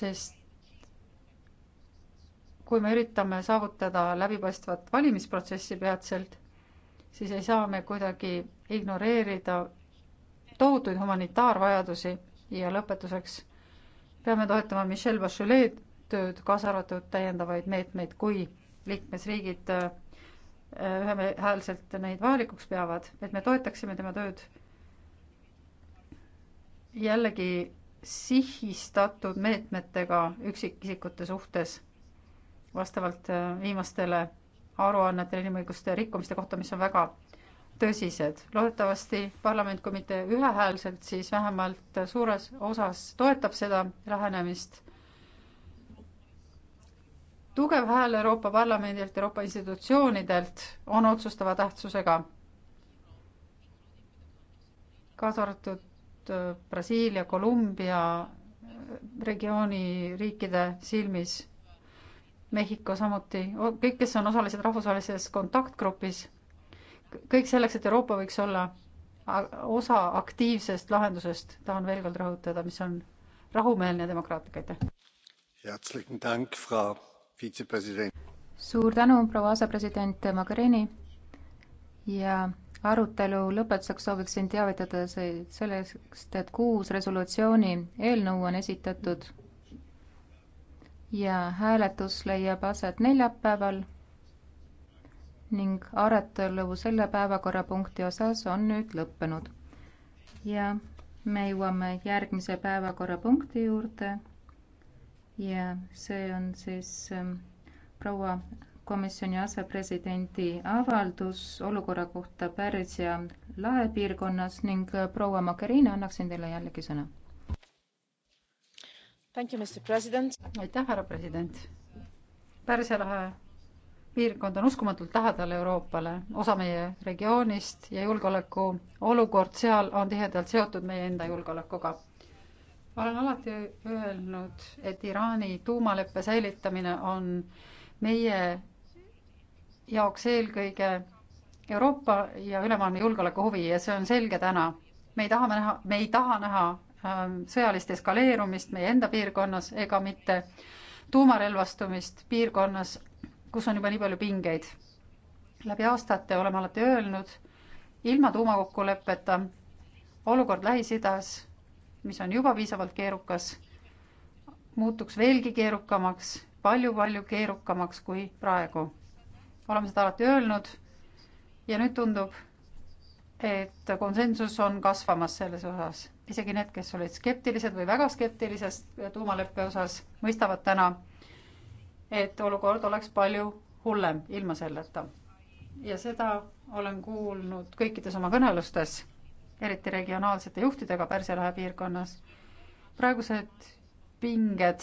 sest kui me üritame saavutada läbipaistvat valimisprotsessi peatselt, siis ei saa me kuidagi ignoreerida tohutuid humanitaarvajadusi ja lõpetuseks peame toetama Michel Bachelet tööd, kaasa arvatud täiendavaid meetmeid, kui liikmesriigid äh, ühehäälselt neid vajalikuks peavad, et me toetaksime tema tööd. jällegi sihistatud meetmetega üksikisikute suhtes vastavalt äh, viimastele aruannetele inimõiguste rikkumiste kohta, mis on väga tõsised. loodetavasti parlament, kui mitte ühehäälselt, siis vähemalt suures osas toetab seda lähenemist. tugev hääl Euroopa Parlamendilt, Euroopa institutsioonidelt on otsustava tähtsusega, kaasa arvatud just äh, Brasiilia, Kolumbia äh, regiooni riikide silmis, Mehhiko samuti, kõik, kes on osalised rahvusvahelises kontaktgrupis, kõik selleks, et Euroopa võiks olla osa aktiivsest lahendusest, tahan veel kord rõhutada, mis on rahumeelne ja demokraatlik, aitäh. suur tänu, proua asepresident Mogherini ja arutelu lõpetuseks sooviksin teavitada sellest, et kuus resolutsiooni eelnõu on esitatud ja hääletus leiab aset neljapäeval ning arutelu selle päevakorrapunkti osas on nüüd lõppenud. ja me jõuame järgmise päevakorrapunkti juurde ja see on siis ähm, proua komisjoni asepresidendi avaldus olukorra kohta Pärsia lahe piirkonnas ning proua Mogherini, annaksin teile jällegi sõna. aitäh, härra president. Pärsia lahe piirkond on uskumatult lähedal Euroopale, osa meie regioonist ja julgeoleku olukord seal on tihedalt seotud meie enda julgeolekuga olen alati öelnud, et Iraani tuumaleppe säilitamine on meie jaoks eelkõige Euroopa ja ülemaailmne julgeolekuhuvi ja see on selge täna. me ei taha näha, me ei taha näha ähm, sõjalist eskaleerumist meie enda piirkonnas ega mitte tuumarelvastumist piirkonnas, kus on juba nii palju pingeid. läbi aastate oleme alati öelnud, ilma tuumakokkuleppeta olukord Lähis-Idas, mis on juba piisavalt keerukas, muutuks veelgi keerukamaks palju,, palju-palju keerukamaks kui praegu oleme seda alati öelnud ja nüüd tundub, et konsensus on kasvamas selles osas. isegi need, kes olid skeptilised või väga skeptilised tuumaleppe osas, mõistavad täna, et olukord oleks palju hullem ilma selleta. ja seda olen kuulnud kõikides oma kõnelustes, eriti regionaalsete juhtidega Pärsia lahe piirkonnas. praegused pinged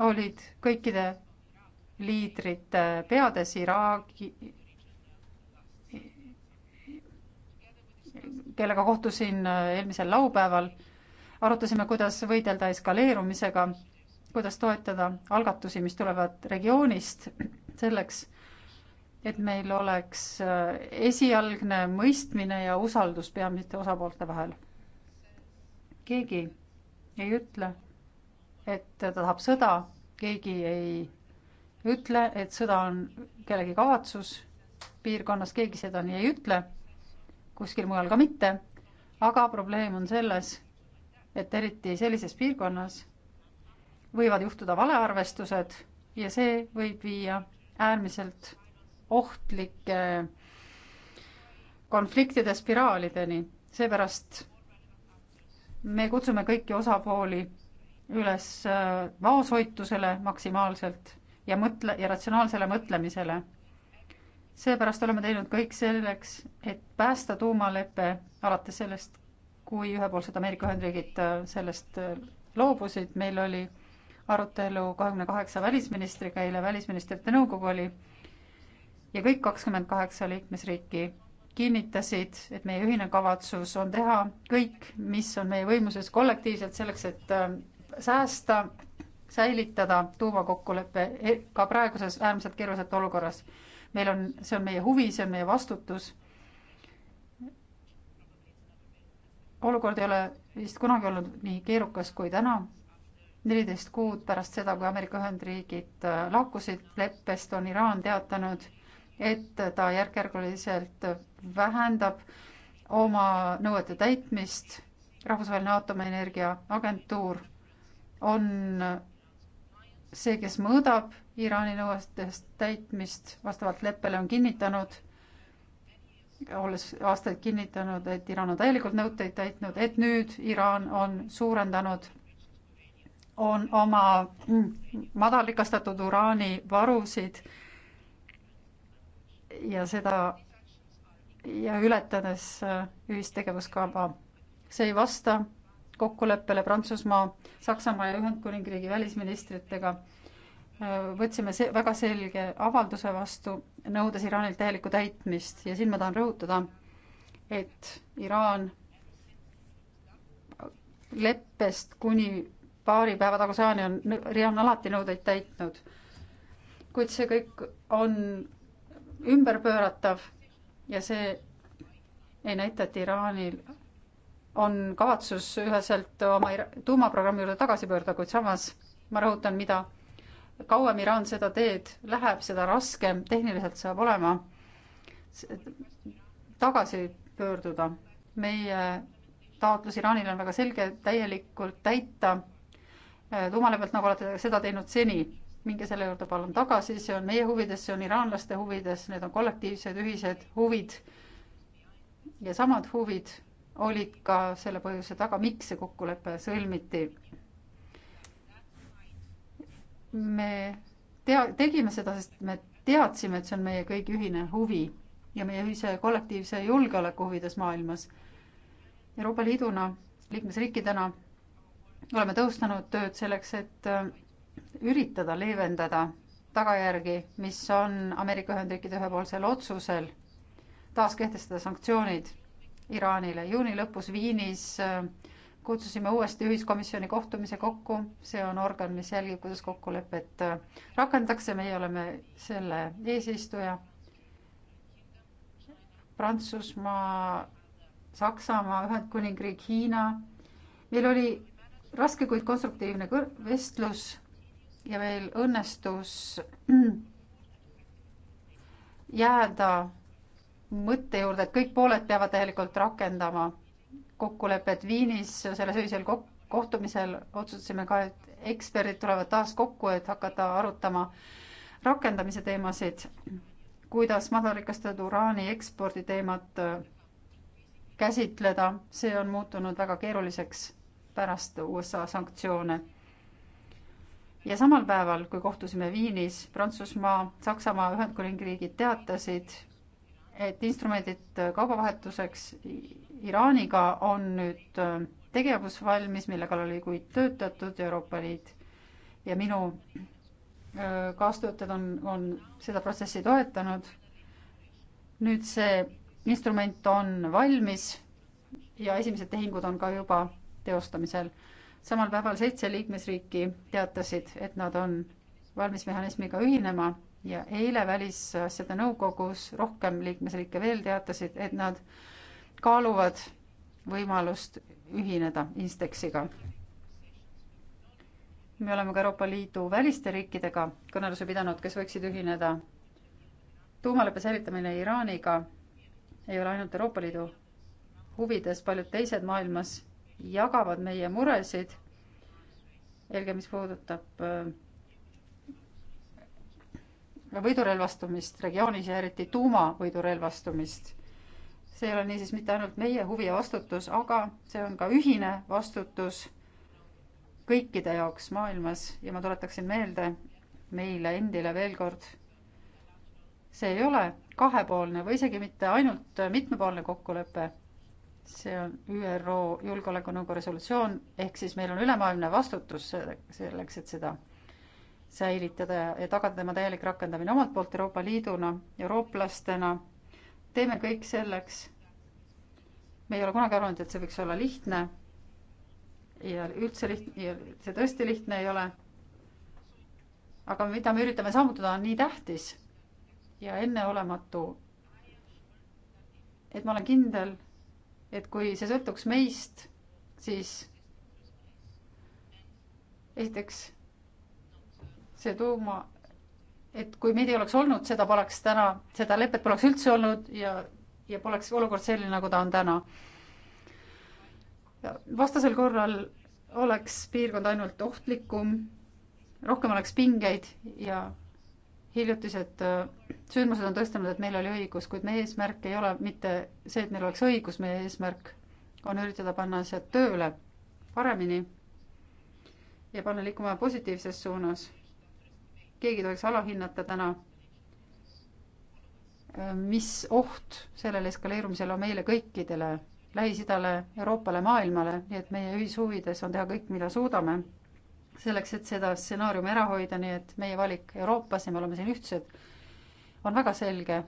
olid kõikide liidrite äh, peades Iraagi, kellega kohtusin äh, eelmisel laupäeval, arutasime, kuidas võidelda eskaleerumisega, kuidas toetada algatusi, mis tulevad regioonist, selleks, et meil oleks äh, esialgne mõistmine ja usaldus peamiste osapoolte vahel. keegi ei ütle, et ta tahab sõda, keegi ei ütle, et sõda on kellegi kavatsus piirkonnas, keegi seda nii ei ütle, kuskil mujal ka mitte, aga probleem on selles, et eriti sellises piirkonnas võivad juhtuda valearvestused ja see võib viia äärmiselt ohtlike konfliktide spiraalideni. seepärast me kutsume kõiki osapooli üles vaoshoitusele maksimaalselt ja mõtle- ja ratsionaalsele mõtlemisele. seepärast oleme teinud kõik selleks, et päästa tuumalepe alates sellest, kui ühepoolsed Ameerika Ühendriigid äh, sellest äh, loobusid, meil oli arutelu kahekümne kaheksa välisministriga, eile välisministrite nõukogu oli ja kõik kakskümmend kaheksa liikmesriiki kinnitasid, et meie ühine kavatsus on teha kõik, mis on meie võimuses kollektiivselt selleks, et äh, säästa säilitada tuumakokkulepe e, ka praeguses äärmiselt keeruliselt olukorras. meil on, see on meie huvi, see on meie vastutus. olukord ei ole vist kunagi olnud nii keerukas kui täna. neliteist kuud pärast seda, kui Ameerika Ühendriigid äh, lahkusid leppest, on Iraan teatanud, et ta järk-järguliselt vähendab oma nõuete täitmist. rahvusvaheline aatomienergia agentuur on see, kes mõõdab Iraani nõuetest täitmist vastavalt leppele, on kinnitanud, olles aastaid kinnitanud, et Iraan on täielikult nõuteid täitnud, et nüüd Iraan on suurendanud, on oma madalrikastatud uraani varusid ja seda ja ületades ühistegevuskava. see ei vasta kokkuleppele Prantsusmaa, Saksamaa ja Ühendkuningriigi välisministritega võtsime see väga selge avalduse vastu, nõudes Iraanilt täielikku täitmist ja siin ma tahan rõhutada, et Iraan leppest kuni paari päeva taguse ajani on, Iraan alati nõudeid täitnud. kuid see kõik on ümberpööratav ja see ei näita, et Iraanil on kavatsus üheselt oma tuumaprogrammi juurde tagasi pöörduda, kuid samas ma rõhutan, mida kauem Iraan seda teed läheb, seda raskem tehniliselt saab olema tagasi pöörduda. meie taotlus Iraanile on väga selge, täielikult täita äh, tuumaleppelt, nagu olete seda teinud seni. minge selle juurde palun tagasi, see on meie huvides, see on iraanlaste huvides, need on kollektiivsed ühised huvid ja samad huvid olid ka selle põhjuse taga, miks see kokkulepe sõlmiti. me tea-, tegime seda, sest me teadsime, et see on meie kõigi ühine huvi ja meie ühise kollektiivse julgeoleku huvides maailmas. Euroopa Liiduna, liikmesriikidena oleme tõustanud tööd selleks, et äh, üritada leevendada tagajärgi, mis on Ameerika Ühendriikide ühepoolsel otsusel taaskehtestada sanktsioonid Iraanile. juuni lõpus Viinis äh, kutsusime uuesti ühiskomisjoni kohtumise kokku, see on organ, mis jälgib, kuidas kokkulepet äh, rakendatakse, meie oleme selle eesistuja. Prantsusmaa, Saksamaa, Ühendkuningriik, Hiina. meil oli raske, kuid konstruktiivne vestlus ja meil õnnestus *clears throat* jääda mõtte juurde, et kõik pooled peavad tegelikult rakendama kokkulepet Viinis sellel öisel kok-, kohtumisel otsustasime ka, et eksperdid tulevad taas kokku, et hakata arutama rakendamise teemasid, kuidas madalrikastatud uraani ekspordi teemat äh, käsitleda, see on muutunud väga keeruliseks pärast USA sanktsioone. ja samal päeval, kui kohtusime Viinis, Prantsusmaa, Saksamaa, Ühendkuningriigid teatasid, et instrumendid kaubavahetuseks Iraaniga on nüüd äh, tegevus valmis, mille kallal oli kuid töötatud Euroopa Liit ja minu äh, kaastöötajad on, on seda protsessi toetanud. nüüd see instrument on valmis ja esimesed tehingud on ka juba teostamisel. samal päeval seitse liikmesriiki teatasid, et nad on valmis mehhanismiga ühinema ja eile Välisasjade Nõukogus rohkem liikmesriike veel teatasid, et nad kaaluvad võimalust ühineda Instexiga. me oleme ka Euroopa Liidu väliste riikidega kõnelusi pidanud, kes võiksid ühineda. tuumaleppe säilitamine Iraaniga ei ole ainult Euroopa Liidu huvides, paljud teised maailmas jagavad meie muresid, eelkõige mis puudutab äh, võidurelvastumist regioonis ja eriti tuumavõidurelvastumist. see ei ole niisiis mitte ainult meie huvi ja vastutus, aga see on ka ühine vastutus kõikide jaoks maailmas ja ma tuletaksin meelde meile endile veel kord, see ei ole kahepoolne või isegi mitte ainult mitmepoolne kokkulepe, see on ÜRO Julgeolekunõukogu resolutsioon, ehk siis meil on ülemaailmne vastutus selleks, et seda säilitada ja tagada tema täielik rakendamine. omalt poolt Euroopa Liiduna, eurooplastena teeme kõik selleks. me ei ole kunagi arvanud, et see võiks olla lihtne. ja üldse lihtne, see tõesti lihtne ei ole. aga mida me üritame saavutada, on nii tähtis ja enneolematu. et ma olen kindel, et kui see sõltuks meist, siis esiteks see tuuma, et kui meid ei oleks olnud, seda poleks täna, seda lepet poleks üldse olnud ja, ja poleks olukord selline, nagu ta on täna. vastasel korral oleks piirkond ainult ohtlikum, rohkem oleks pingeid ja hiljutised äh, sündmused on tõestanud, et meil oli õigus, kuid meie eesmärk ei ole mitte see, et meil oleks õigus, meie eesmärk on üritada panna asjad tööle paremini ja panna liikuma positiivses suunas keegi ei tohiks alahinnata täna, äh, mis oht sellel eskaleerumisel on meile kõikidele, Lähis-Idale, Euroopale, maailmale, nii et meie ühishuvides on teha kõik, mida suudame, selleks, et seda stsenaariumi ära hoida, nii et meie valik Euroopas ja me oleme siin ühtsed, on väga selge.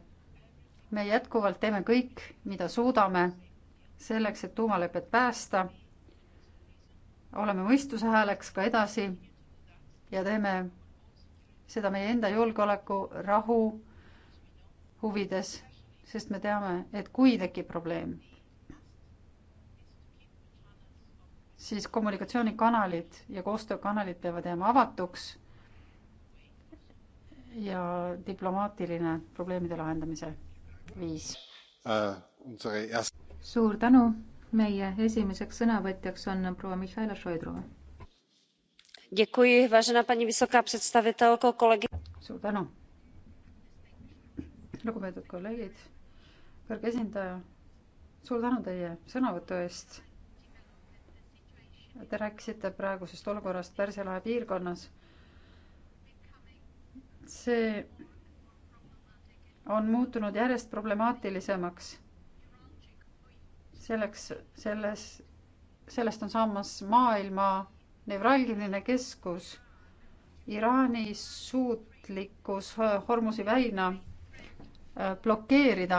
me jätkuvalt teeme kõik, mida suudame selleks, et tuumalepet päästa. oleme mõistuse hääleks ka edasi ja teeme seda meie enda julgeoleku, rahu huvides, sest me teame, et kui tekib probleem, siis kommunikatsioonikanalid ja koostöökanalid peavad jääma avatuks ja diplomaatiline probleemide lahendamise viis uh,. suur tänu, meie esimeseks sõnavõtjaks on proua Mihhail Šoidrova Děkuji, vážená paní vysoká představitelko, kolegi. suur tänu. lugupeetud kolleegid, kõrge esindaja, suur tänu teie sõnavõtu eest. Te rääkisite praegusest olukorrast Pärsia lahe piirkonnas. see on muutunud järjest problemaatilisemaks. selleks, selles, sellest on saamas maailma nevralgiline keskus Iraani suutlikkus Hormusi väina äh, blokeerida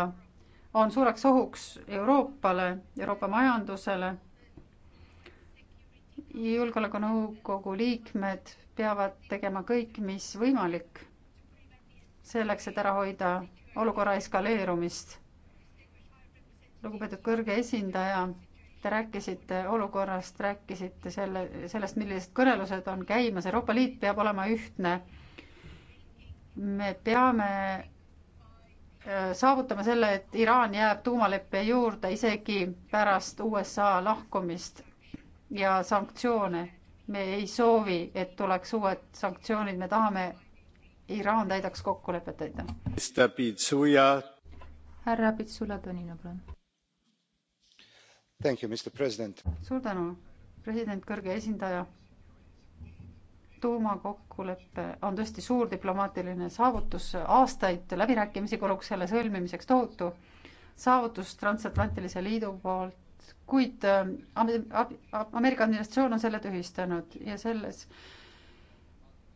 on suureks ohuks Euroopale, Euroopa majandusele. julgeolekunõukogu liikmed peavad tegema kõik, mis võimalik selleks, et ära hoida olukorra eskaleerumist. lugupeetud kõrge esindaja Te rääkisite olukorrast, rääkisite selle, sellest, millised kõnelused on käimas, Euroopa Liit peab olema ühtne. me peame äh, saavutama selle, et Iraan jääb tuumaleppe juurde isegi pärast USA lahkumist ja sanktsioone. me ei soovi, et tuleks uued sanktsioonid, me tahame, Iraan täidaks kokkulepet, aitäh. härra Pitsula Tõnino, palun suur tänu, president, kõrge esindaja. tuumakokkulepe on tõesti suur diplomaatiline saavutus, aastaid läbirääkimisi kuluks selle sõlmimiseks tohutu saavutus Transatlantilise Liidu poolt, kuid äh, Ameerika administratsioon on selle tühistanud ja selles,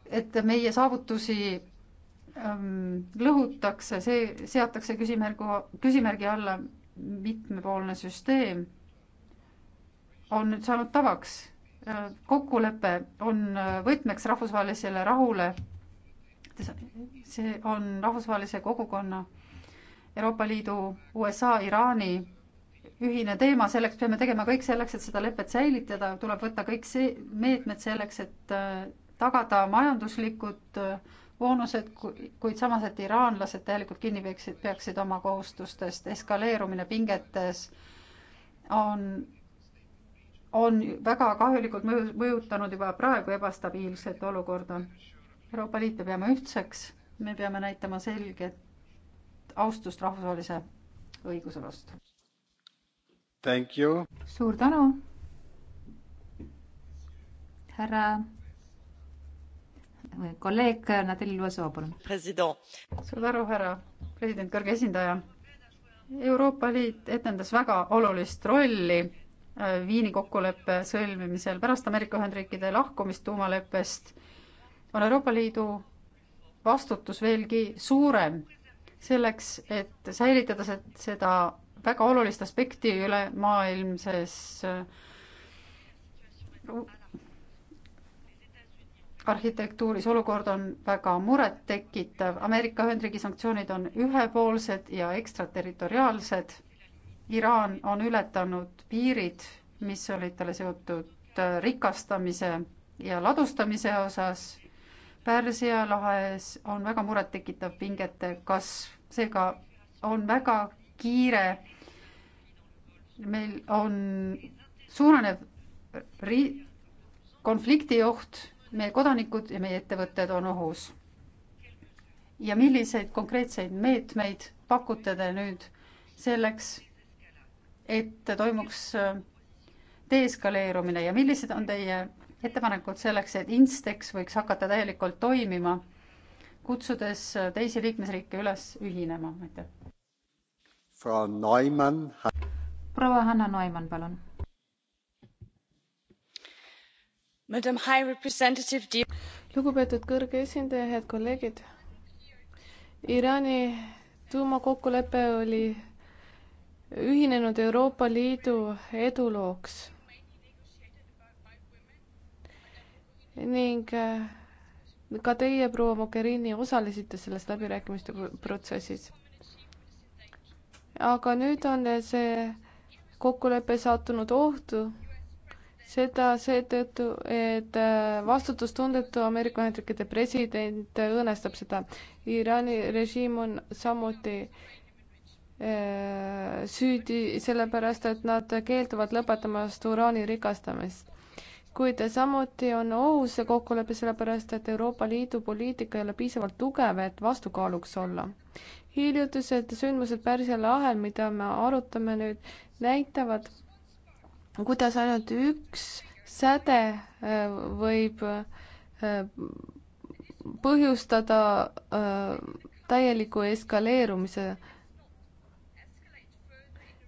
et meie saavutusi ähm, lõhutakse, see seatakse küsimärgu, küsimärgi alla mitmepoolne süsteem on nüüd saanud tavaks. Äh, kokkulepe on äh, võtmeks rahvusvahelisele rahule. see on rahvusvahelise kogukonna, Euroopa Liidu, USA, Iraani ühine teema, selleks peame tegema kõik selleks, et seda lepet säilitada, tuleb võtta kõik see, meetmed selleks, et äh, tagada majanduslikud boonused, kuid samas, et iraanlased täielikult kinni peaksid, peaksid oma kohustustest, eskaleerumine pingetes on on väga kahjulikult mõju, mõjutanud juba praegu ebastabiilset olukorda. Euroopa Liitu peame ühtseks, me peame näitama selget austust rahvusvahelise õiguse vastu. suur tänu, härra kolleeg Natalja Luasoo, palun. suur tänu, härra president, kõrge esindaja. Euroopa Liit etendas väga olulist rolli Viini kokkuleppe sõlmimisel pärast Ameerika Ühendriikide lahkumist tuumaleppest on Euroopa Liidu vastutus veelgi suurem selleks, et säilitada seda väga olulist aspekti ülemaailmses äh, arhitektuuris olukord on väga murettekitav, Ameerika Ühendriigi sanktsioonid on ühepoolsed ja ekstraterritoriaalsed Iraan on ületanud piirid, mis olid talle seotud äh, rikastamise ja ladustamise osas. Pärsia lahes on väga murettekitav pingete kasv, seega on väga kiire. meil on suurenev ri-, konfliktioht, meie kodanikud ja meie ettevõtted on ohus. ja milliseid konkreetseid meetmeid pakute te nüüd selleks, et toimuks äh, deeskaleerumine ja millised on teie ettepanekud selleks, et Instex võiks hakata täielikult toimima, kutsudes äh, teisi liikmesriike üles ühinema, aitäh. proua Hanna Neumann, palun. lugupeetud kõrge esindaja, head kolleegid. Iraani tuumakokkulepe oli ühinenud Euroopa Liidu edulooks ning äh, ka teie, proua Mogherini, osalesite selles läbirääkimiste protsessis. aga nüüd on see kokkulepe sattunud ohtu, seda seetõttu, et äh, vastutustundetu Ameerika Ühendriikide president õõnestab seda. Iraani režiim on samuti Äh, süüdi sellepärast, et nad keelduvad lõpetamast uraani rikastamist. kuid samuti on ohus see kokkulepe sellepärast, et Euroopa Liidu poliitika ei ole piisavalt tugev, et vastukaaluks olla. hiljutised sündmused Pärsia lahel, mida me arutame nüüd, näitavad, kuidas ainult üks säde äh, võib äh, põhjustada täieliku eskaleerumise äh,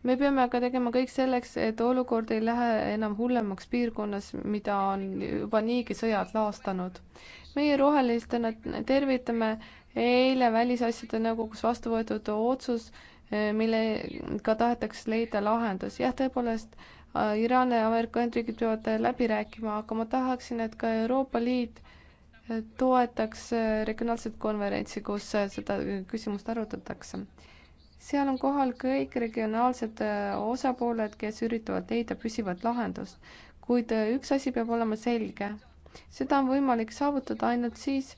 me peame aga tegema kõik selleks, et olukord ei lähe enam hullemaks piirkonnas, mida on juba niigi sõjad laastanud. meie rohelistena tervitame eile Välisasjade Nõukogus vastu võetud otsus, eh, millega tahetakse leida lahendus. jah, tõepoolest, eh, Iraan ja Ameerika Ühendriigid peavad läbi rääkima, aga ma tahaksin, et ka Euroopa Liit eh, toetaks regionaalset konverentsi, kus seda küsimust arutatakse seal on kohal kõik regionaalsed äh, osapooled, kes üritavad leida püsivat lahendust, kuid äh, üks asi peab olema selge. seda on võimalik saavutada ainult siis,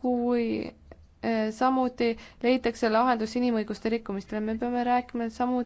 kui äh, samuti leitakse lahendus inimõiguste rikkumistele, me peame rääkima samuti